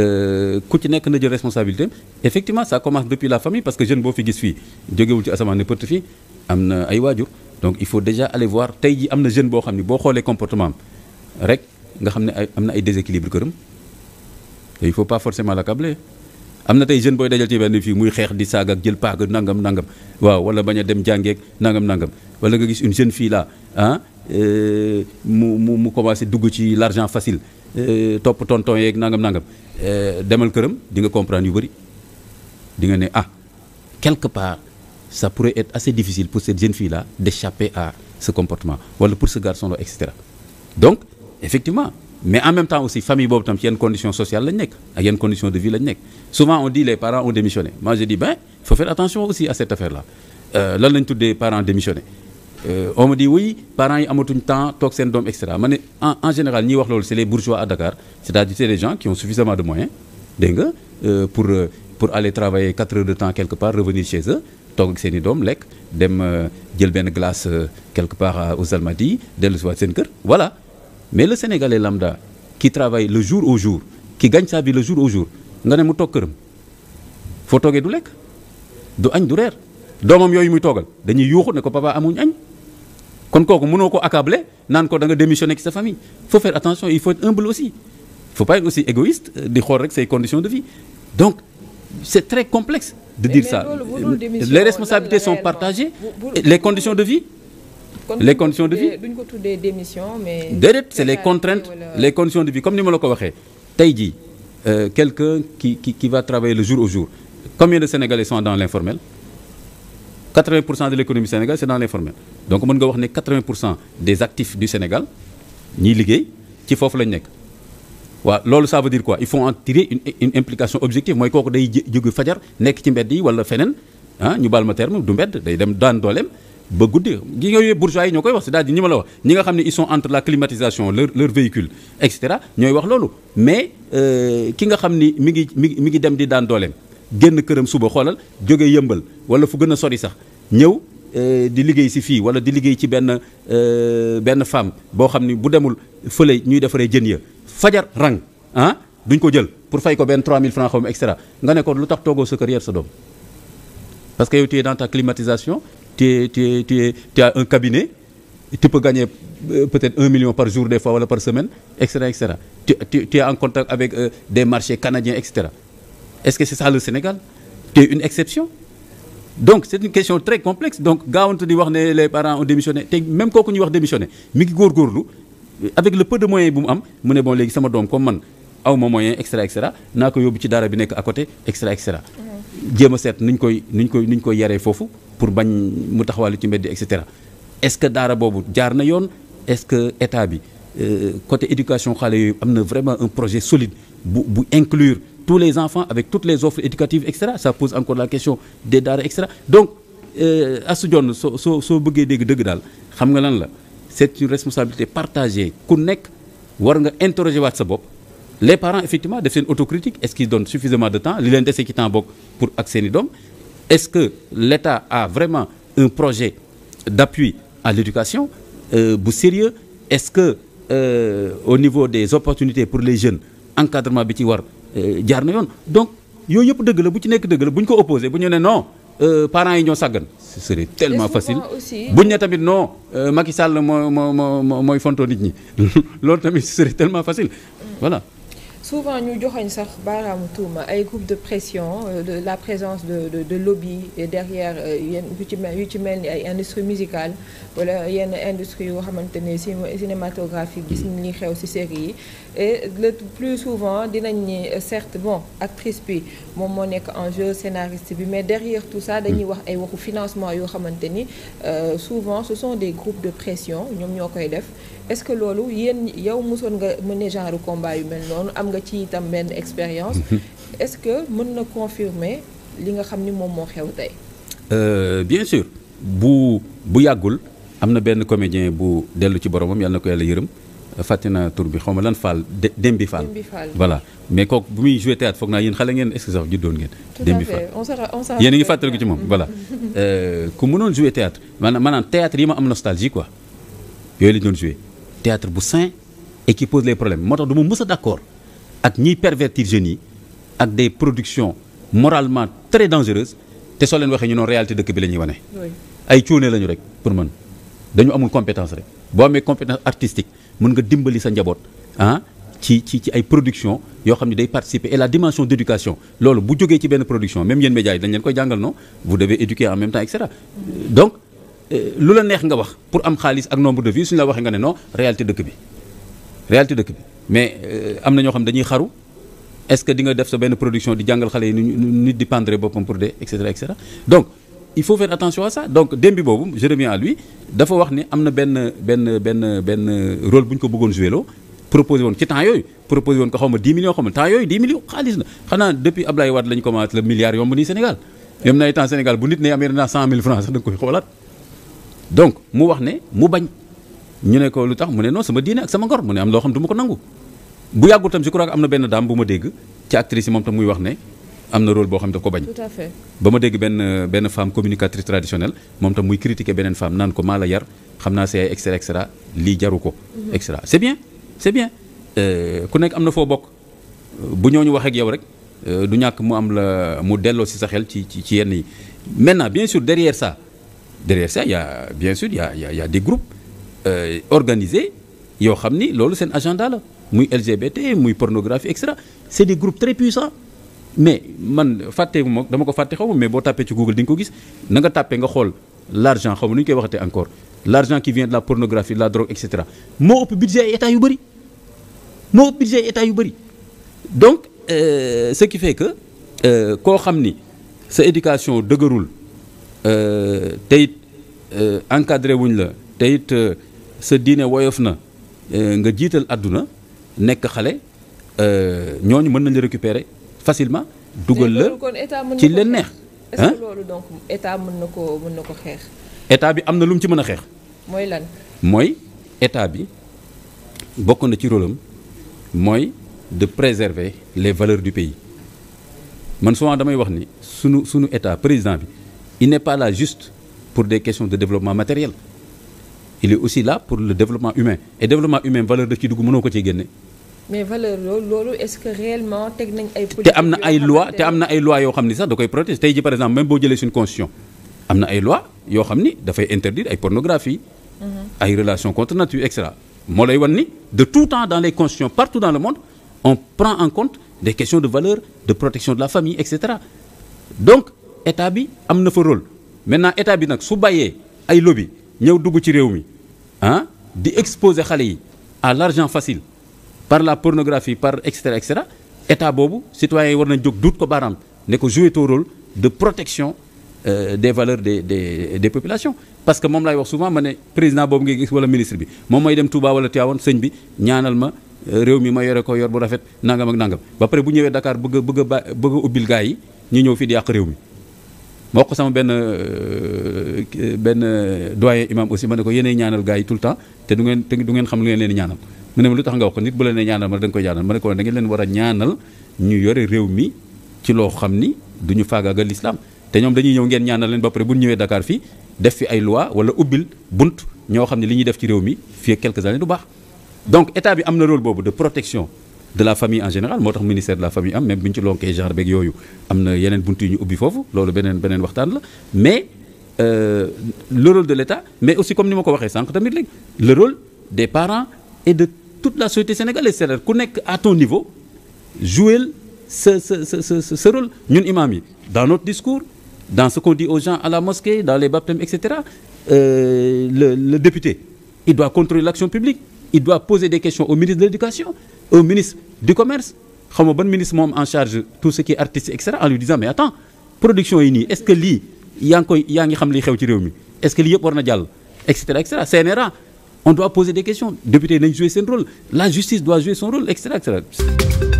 Euh, ku ci nekk na jël responsabilité effectivement ça commence depuis la famille parce que jeune boo fi gis fii jógewul ci asamaan ne pëtt fii am na ay waajur donc il faut déjà aller voir tey ji am na jeune boo xam ne boo xoolee comportement am rek nga xam ne ay am na ay déséquilibre këram te il faut pas forcément l'accabler am na tey jeune booy dajal ci benn fii muy xeex di saag ak jël paaka nangam nangam waaw wala bañ a dem jàngeek nangam nangam wala nga gis une jeune fille là ah mu dugg ci l'argent facile Euh, topp tonton yeeg nangam nangam euh, demal këram di nga comprendre yu bëri di nga ne ah quelque part ça pourrait être assez difficile pour cette jeune fille là d'échapper à ce comportement wala pour ce garçon là et cetera donc effectivement mais en même temps aussi famille boobu tam ci yenn conditions sociales lañ nekk ak yenn conditions de vie lañ nekk souvent on dit les parents ont démissionné moi je dis ben il faut faire aussi à cette affaire là euh, lan lañ tuddee parents démissionnés Euh, on me dit oui yi amatuñ temps toog seen doom et cetera ma ne en en général ñiy wax loolu c'est les bourgeois à Dakar c'est-à-dire c'est des gens qui ont suffisamment de moyens dégg nga euh, pour euh, pour aller travailler quatre heures de temps quelque part revenir chez eux toog ak seen i doom lekk dem jël benn glace quelque part aux Almadies dellu si seen kër voilà mais le Sénégalais lambda qui travaille le jour au jour qui gagne sa vie le jour au jour nga ne mu toog këram foo toogee du lekk du añ du reer doomam yooyu muy toogal dañuy yuuxu ne ko papa amuñ añ kon kooku mënoo ko accabler naan ko da nga démissionner ci sa famille faut faire attention il faut être humble aussi faut pas être égoïste euh, di xool rek say conditions de vie donc c'est très complexe de dire ça les responsabilités sont partagées les conditions de vie les conditions de vie euh, duñ ko tuddee démission mais déedéet c'est les les conditions de vie comme ni ma la ko waxee tey jii euh, quelqu'un qui qui qui va travailler le jour au jour combien de Sénégalais sont dans l'informel 80 pour cent de l' économie Sénégal c' est dans l' informel donc mën nga wax ne 80 pour cent des actifs du Sénégal ñiy liggéey ci foofu lañ nekk. waaw loolu ça veut dire quoi il faut en tirer une une implication objective mooy kooku day jóge fajar nekk ci mbedd yi walla feneen ah ñu baal terme du mbedd day dem daan dooleem ba guddi gi nga yooyu bourgeois yi ñoo koy wax c'est-à-dire ñi ma la wax ñi nga xam ne ils sont entre la climatisation leur leur véhicule ñooy wax loolu mais euh, ki nga xam ni mi ngi mi mi ngi dem di daan dooleem. génn këram suba xoolal jóge yëmbal wala fu gën a sori sax ñëw euh, di liggéey si fii wala di liggéey ci benn euh, benn femme boo xam ni bu demul fële ñuy defaree jën ya fajar rang ah duñ ko jël pour fay ko benn 3000 francs xaw ma et cetera nga ne ko lu tax toogoo sa kër sa doom parce que yow tu es dans ta climatisation tu es tu es tu es tu as un cabinet tu peux gagner euh, peut-être un million par jour des fois wala par semaine et cetera et cetera tu en contact avec des marchés canadiens et cetera. est-ce que c'est ça le une exception donc c'est une question très complexe donc gaawante di wax ne les parents ont démissionné te même kooku ñuy wax démissionné mi ngi góorgóorlu avec le peu de moyens bu mu am mu ne boo léegi sama doom comme man aw moyen et cetera naa ko yóbbu ci daara bi nekk a côté et cetera et cetera jéem a seet ñu koy nuñ koy nuñ koy yaree foofu pour bañ mu taxawal ci mbedd et cetera est-ce que daara boobu jaar na yoon est-ce que état bi euh, côté éducation xale yooyu am na vraiment un projet solide bu bu inclure tous les enfants avec toutes les offres éducatives et cetera ça pose encore la question des daara et donc euh, Astou Dione soo soo soo bëggee dégg dëgg daal xam nga lan la c'est une responsabilité partagée ku nekk war nga interroger waat sa bopp les parents effectivement def seen autocritique est-ce qu'ils donnent suffisamment de temps li leen dese ci temps bokk pour ak seeni doom est-ce que l'État a vraiment un projet d'appui à l'éducation euh, bu sérieux est-ce que euh, au niveau des opportunités pour les jeunes encadrement bi ci war Euh, jaar na yoon donc yooyu yëpp dëgg la bu ci nekk dëgg la bu ñu ko opposé bu ñu ne non euh, parents yi ñoo sàggan ce serait tellement facile bu ñu ne tamit non euh, Macky Sall moo moo moo mooy fontoo nit ñi loolu tamit ce serait tellement facile souvent ñu joxoñ sax baaraamu ma ay groupes de pression euh, de la présence de de de lobby et derrière euh, yenn yu ci mel yu ci mel ni ay industrie musicale wala yenn industrie yoo xamante ne cinématographique gis nañ li xew ci série yi et le plus souvent dinañ ni euh, certes bon actrice bi moom moo nekk en jeu scénariste bi mais derrière tout ça dañuy mm. wax ay waxu financement yoo xamante ni souvent ce sont des groupes de pression ñoom ñoo koy def est-ce que loolu yéen yow mosoon nga mener genre combat yu mel noonu am nga ci itam benn expérience. Mhm. est-ce que mën na confirmer li nga xam ni moom moo xew tey. Euh, bien sûr bu bu yàggul am na benn comédien bu dellu ci boromam yàlla na ko yàlla yërëm. fàtte naa tour bi xaw ma lan Fall bi Fall. voilà mais kooku bu muy joué théâtre foog naa yéen xale ngeen est-ce que sax juddoon ngeen. Dembi Fall yéen a ngi fàttaliku ci moom voilà. Euh, ku mënoon joué théâtre maanaam maanaam théâtre yi ma am nostalgie quoi yooyu la ñu théâtre bu sain et qui pose les problèmes moo tax du ma mës a d'accord ak ñiy pervertir jeunes yi ak des productions moralement très dangereuses te soo leen waxee ñu noonu réalité dëkk bi la ñuy wane. ay cuune lañu rek pour man dañu amul compétence rek boo amee compétence artistique mën nga dimbali sa njaboot ah ci ci ci ay production yoo xam ne day participer et la dimension d' éducation loolu bu jógee ci benn production même yéen médias yi dañ leen koy jàngal non vous devez éduquer en même temps et cetera Euh, lu la neex nga wax pour am xaalis ak nombre de vues suñu la waxee nga ne non réalité dëkk bi réalité dëkk bi mais euh, am na ñoo xam dañuy xaru est-ce di nga def sa benn production di jàngal xale yi nit di pendre boppam pour dee et cetera donc il faut faire attention à ça donc démb boobu je reviens à dafa wax ne am na benn benn benn benn rôle bu ñu ko bëggoon joué proposé woon ci temps yooyu proposé woon ko xaw ma 10 millions xaw temps yooyu 10 donc mu wax ne mu bañ ñu ne ko lu tax mu ne non sama diine ak sama ngor mu ne am loo xam du ma ko nangu bu yàggul si je crois am na benn daam bu ma dégg ci actrice moom tam muy wax ne am na rôle boo xam ne ko bañ. tout à ba ma dégg benn benn femme communicatrice traditionnelle moom tam muy critiquer beneen femme naan ko maa la yar xam naa say et cetera et cetera lii jaru ko. Mhm. et cetera c' est bien c' est bien euh, ku nekk am na foo bokk bu ñoo ñu ak yow rek euh, du ñàkk mu am la mu delloo si sa xel ci ci yenn yi maintenant bien sûr derrière ça. derrière ça bien sûr il y a il y a, des groupes euh, organisés yoo xam ni loolu seen agent la muy LGBT muy pornographie et cetera c'est des groupes très puissants mais man fàttewu ma dama ko fàtte xaw ma mais boo tàppee ci Google di nga ko gis nanga tàppee nga xool l'argent xaw ma nu ñu koy waxatee encore l'argent qui vient de la pornographie de la drogue et cetera moo ëpp budget ay état yu bëri moo ëpp budget ay état yu bëri donc euh, ce qui fait que euh, koo xam ni sa éducation dëgërul. Euh, te it euh, wuñ la te it euh, sa diine woyof na nga jiital àdduna nekk xale ñooñu mën nañ la récupérer facilement. dugal la ci leen neex. est-ce que loolu donc état mën na ko ko xeex. état bi am na lu mu ci mën a xeex. mooy lan mooy état bi bokk na ci rôle am mooy de préserver les valeurs du pays man souvent damay wax ni sunu sunu état président bi. il n'est pas là juste pour des questions de développement matériel il est aussi là pour le développement humain et développement humain valeur daf ci dugg mënoo ko ciy génne. que réellement teg nañ ay. te am na ay loi te am na ay loi yoo xam ni sax da koy protéger tey ji par exemple même boo jëlee suñu constitution am na ay loi yoo xam ni dafay interdire ay pornographie mhm. ay relations contre nature et moo lay wan ni de tout temps dans les constitutions partout dans le monde en compte des questions de valeur de protection de et cetera donc. état bi am na fa rôle maintenant état bi nag su bàyyee ay lobby ñëw dugg ci réew mi ah di exposer xale yi à l'argent facile par la pornographie par et cetera et cetera boobu citoyens yi war nañ jóg duut ko baaraam ne ko jouer ton rôle de protection euh, des valeurs des des des populations. parce que moom laay wax souvent ma ne président boobu ngay gis wala ministre bi moom may dem Touba wala Tivaouane sëñ bi ñaanal ma euh, réew mi ma yore ko yor bu rafet nangam ak nangam ba pare bu ñëwee Dakar bëgg bëgg ba bëgg a yi ñu ñëw fii di yàq réew mi. ma wax ko sama benn euh, benn doyen imam aussi ma ne ko yéenay ñaanal gars yi toul le temps te du ngeen te du ngeen xam lu ngeen leen ñaanal mu ne ma lu tax nga wax ko nit bu la nee ñaanal ma da nga koy ñaanal ma ne ko da ngeen leen war ñaanal ñu yore réew mi ci loo xam ni du ñu faagaagal l'islam te ñoom dañuy ñëw ngeen ñaanal leen ba pare bu ñëwee Dakar fii def fi ay loi wala ubbil bunt ñoo xam ne li ñuy def ci réew mi fii quelques années du baax donc état bi am na rôle boobu de protection de la famille en général moo tax ministère de la famille am même bu ñu ci lonkee genre beeg yooyu am na yeneen bunt yu ñu ubbi foofu loolu beneen beneen waxtaan la mais euh, le rôle de l'État mais aussi comme ni ma ko waxee sànq tamit léegi le rôle des parents et de toute la société sénégalaise cest à ku nekk à ton niveau jouer sa sa sa sa sa rôle ñun imam yi dans notre discours dans ce qu'on dit aux gens à la mosquée dans les baptêmes et cetera euh, le député il doit contrôler il doit poser des questions au ministre de l'éducation au ministre du commerce xam nga ban ministre moom en charge tout ce qui est artistique et cetera en lui disant mais attends production yi nii est-ce que lii yaa ngi xam li xew ci réew mi est-ce que lii yëpp war na jàll et cetera et cetera CNRA on doit poser des questions député nañ jouer seen rôle la justice doit jouer son rôle et